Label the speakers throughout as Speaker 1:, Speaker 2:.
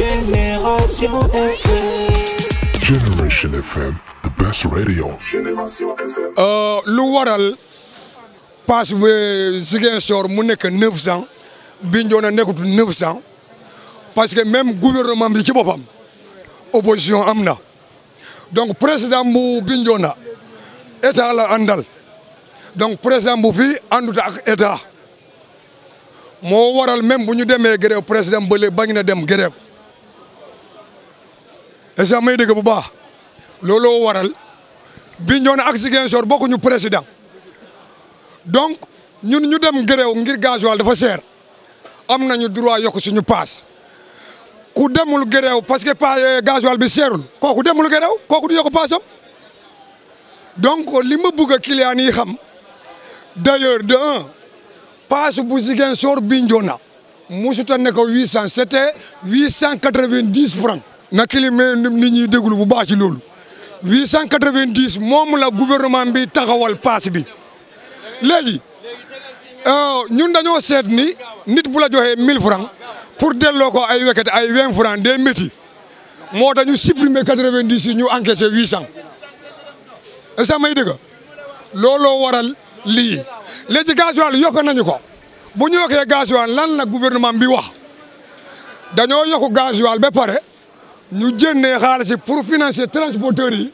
Speaker 1: Génération FM. Generation FM, the best radio. Génération FM. Euh, lu waral pass bi Ziguinchor mu de 900 Bignona de 900 parce que même gouvernement bi ci là opposition amna. donc donc président bu Bignona état la andal. donc président bu est àndut ak état Mo waral même bu est en grève président bañ na grève. est-ce dégg bu baax looloo waral bi ñoo ne ak Ziguinchor bokkuñu président donc ñun ñu dem gréew ngir gasoil dafa seer am nañu droit yokk suñu paas ku demul gréew parce que pa euh, gasoil bi seerul kooku demul gréew kooku du yokk paasam donc li ma bëgg a client yi xam d'ailleurs de un paas bu Ziguinchor Bignona mosut a nekk 800 c'était 890 francs na clim ni ñi déglu bu baax ci loolu 890 moom la gouvernement bi taxawal paas bi léegi euh, ñun dañoo seet ni nit bu la joxee 1000 francs pour delloo ko ay wekkat ay 20 francs des métti moo tax ñu supprimer 90 yi ñu encaissé 800 est ce que may dëgg looloo waral lii léegi gasoil yokk nañu ko bu ñu yokkee gasoil lan la gouvernement bi wax dañoo yokk gasoil ba pare. ñu génnee xaalis pour financer transporteurs yi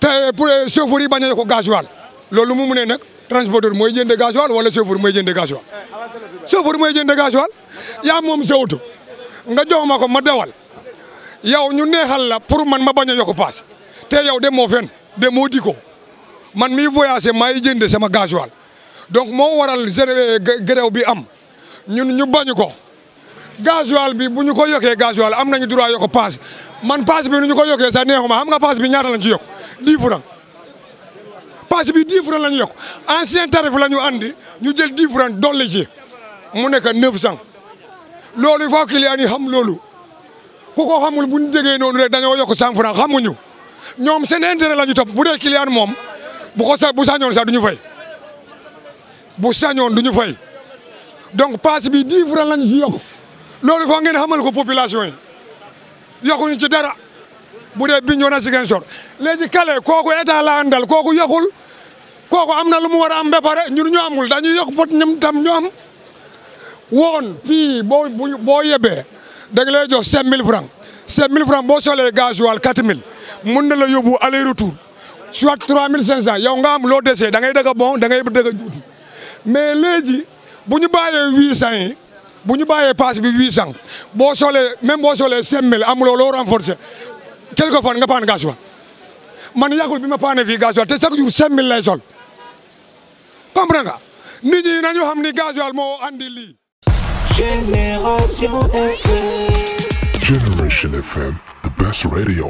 Speaker 1: te pour chauffeurs yi bañ a yokk gasoil loolu mu munee nag transporteur mooy jënd gasoil wala chauffeur mooy jënd gasoil chauffeur mooy jënd gasoil yaa moom sa oto nga jox ma ko ma dawal yow ñu neexal la pour man ma bañ a yokk paas te yow demoo fenn demoo di ko man mi maa maay jënd sama gasoil donc moo waral grève bi am ñun ñu bañ ko. gasoil bi bu ñu ko yokkee gasoil am nañu droit yokk paas man paas bi nu ñu ko yokkee sax neexuma xam nga paas bi ñaata lañ ci yokk 10 francs paas bi 10 francs la ñu yokk andi ñu jël 10 francs dolli mu nekk 900 loolu il faut client yi xam loolu ku ko xamul bu ñu déggee noonu rek dañoo yokk 100 francs xamuñu ñoom seen intérêt la ñu topp bu dee client moom bu ko sa bu sañoon sax du ñu bu sañoon du ñu donc paas bi 10 francs la ñu ci yokk. loolu foo ngeen xamal ko population yi yokkuñu ci dara bu dee Bignona a Ziguinchor léegi kale kooku état la kooku yokkul kooku am na lu mu war a am ba pare ñun ñu amul dañuy yokk pot ñam tam ñu am woon fii boo boo yebbee da nga lay jox 5000 francs 5000 francs boo solee gasoil 4000 mën na la yóbbu aller retour soit 3500 yow nga am loo dese da ngay dëgg bon da ngay dëgg juuti mais léegi bu ñu bàyyee 800 yi. bu ñu bàyyee passe bi 800 boo solee même boo solee 5000 amuloo loo renforcer quelque fois nga paan gasoil man yàggul bi ma paane fii gasoil te chaque jour 5000 lay sol comprendre nga nit ñi nañu xam ni gasoil moo andi lii. Génération FM. the best radio.